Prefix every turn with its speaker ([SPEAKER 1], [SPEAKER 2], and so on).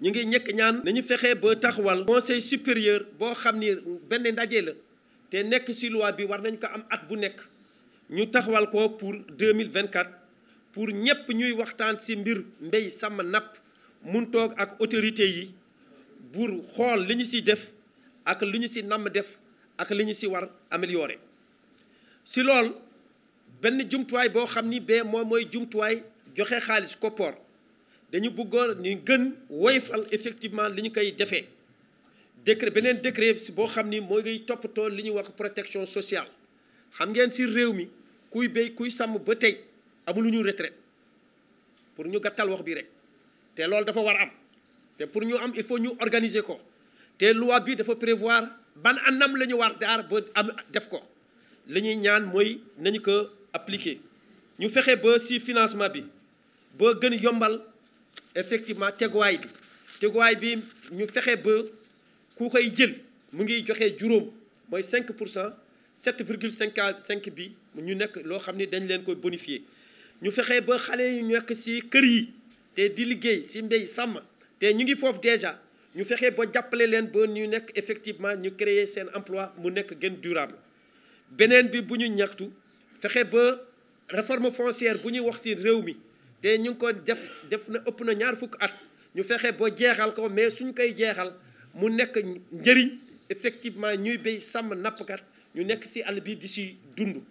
[SPEAKER 1] ñu ngi ñëkk ñaan nañu fexe ba taxawal conseil supérieur boo xam ni benn ndaje la te nekk ci loi bi war nañ ko am at bu nekk ñu taxawal ko pour 2024 pour ñëpp ñuy waxtaan ci mbir mbéy sàmm napp mun toog ak autorité yi buur xool li ñu ci def ak li ñu ci namm def ak li ñu ci war améliorer ci lool benn jumtuwaay boo xam ni bee moom mooy jumtuwaay joxe xaalis koppoor dañu bëggoon ñu gën woyfal effectivement li ñu koy defee décret beneen décret boo xam ni mooy ngay toppatoo li ñuy wax protection sociale xam ngeen si réew mi kuy béy kuy sàmm ba tey ñu retraite pour ñu gàttal wax bi rek te loolu dafa war am te pour ñu am il faut ñu organiser ko te luwaat bi dafa prévoir ban anam la ñu war daar ba am def ko li ñaan mooy nañu ko appliqué ñu fexe ba si financement bi boo gën yombal effectivement teguwaay bi teguwaay bi ñu fexe ba ku koy jël mu ngi joxe juróom mooy 5 pour cent 7 virgule 55 bi ñu nekk loo xam ni dañ leen koy bonifier ñu fexe ba xale yu nekk si kër yi te di liggéey si mbéy sàmm te ñu ngi foofu déjà ñu fexe ba jàppale leen ba ñu nekk effectivement ñu créer seen emploi mu nekk gën durable beneen bi bu ñu ñaxtu. fexe ba réforme foncière bu ñuy wax ci réew mi te ñu ngi ko def def na ëpp na ñaar fukk at ñu fexe ba jeexal ko mais suñ koy jeexal mu nekk njëriñ effectivement ñuy béy sàmm nappkat ñu nekk ci àll bi di ci dund.